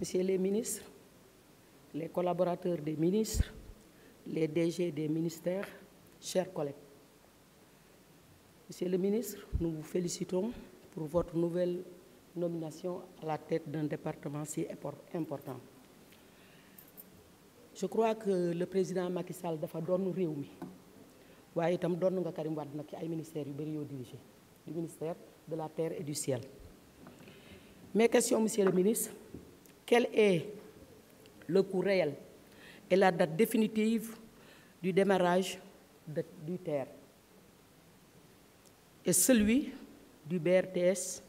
Monsieur les ministres, les collaborateurs des ministres, les DG des ministères, chers collègues. Monsieur le ministre, nous vous félicitons pour votre nouvelle nomination à la tête d'un département si important. Je crois que le président Macky Sall doit nous un Il il du ministère de la terre et du ciel. Mes questions, monsieur le ministre quel est le coût réel et la date définitive du démarrage du TER et celui du BRTS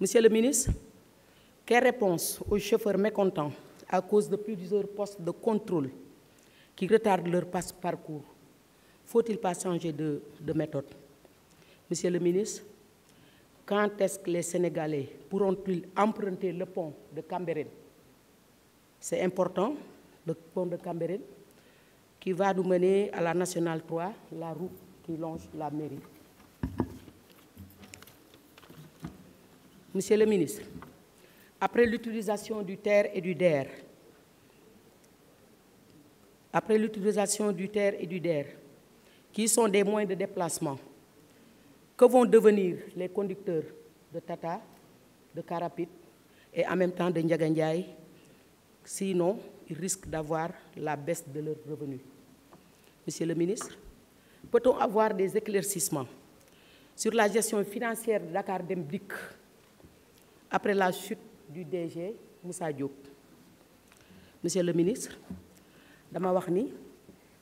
monsieur le ministre quelle réponse aux chauffeurs mécontents à cause de plusieurs postes de contrôle qui retardent leur passe parcours faut-il pas changer de méthode Monsieur le ministre, quand est-ce que les Sénégalais pourront-ils emprunter le pont de Camberin C'est important, le pont de Camberin, qui va nous mener à la Nationale 3, la route qui longe la mairie. Monsieur le ministre, après l'utilisation du terre et du DER, après l'utilisation du terre et du DER, qui sont des moyens de déplacement, que vont devenir les conducteurs de Tata, de Carapit et en même temps de Ndiagandiaï Sinon, ils risquent d'avoir la baisse de leurs revenus. Monsieur le ministre, peut-on avoir des éclaircissements sur la gestion financière de Dakar d'Embrique après la chute du DG Moussa Diop Monsieur le ministre, dama wax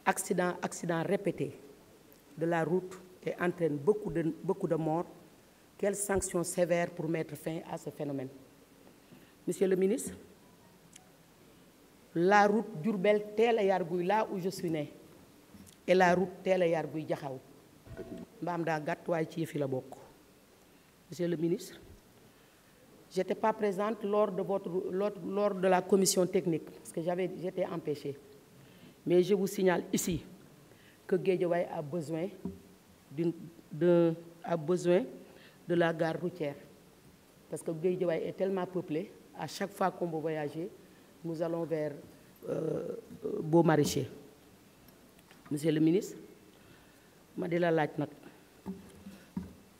accident accident répété de la route et entraîne beaucoup de, morts, quelles sanctions sévères pour mettre fin à ce phénomène Monsieur le ministre, la route d'Urbel Telayargouy, là où je suis né, et la route la Diakhaou. Monsieur le ministre, je n'étais pas présente lors de, votre, lors, de la commission technique, parce que j'étais empêchée. Mais je vous signale ici que Guédiouaï a besoin de, a besoin de la gare routière. Parce que Guédiawaye est tellement peuplé, à chaque fois qu'on veut voyager, nous allons vers euh, euh Beau Maraîcher. Monsieur le ministre, ma di la laaj nag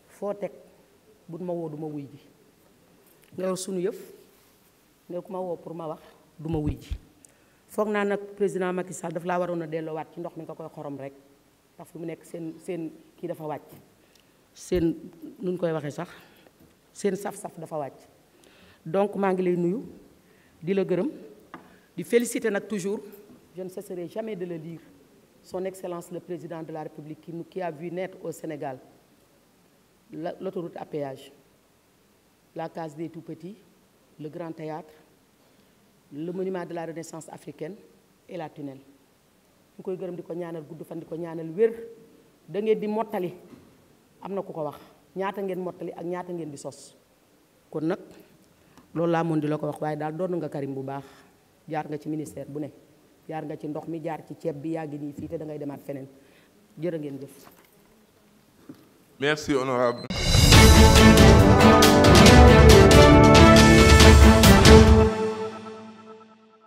foo teg bu ma woo du ma wuy ji nga yor sunu yëf nga vous avez woo pour ma wax du ma wuy ji foog naa nag président Macky Sall daf laa waroon a delloowaat ci ndox mi nga koy xorom rek saf-saf donc je ngi lay nuyu di la toujours je ne cesserai jamais de le dire son excellence le président de la république qui a vu naître au Sénégal l'autoroute à péage la case des tout-petits le grand théâtre le monument de la renaissance africaine et la tunnel ñu koy gërëm di ko ñaanal gudd fan di ko ñaanal wér da ngeen di mottali am na ku ko wax ñaata ngeen mottali ak ñaata ngeen di sos kon nag loolu laa moon di la ko wax waaye daal doon nga Karim bu baax jaar nga ci ministère bu ne jaar nga ci ndox mi jaar ci ceeb bi yaa ngi nii fii te da demaat feneen jërë ngeen jëf merci honorable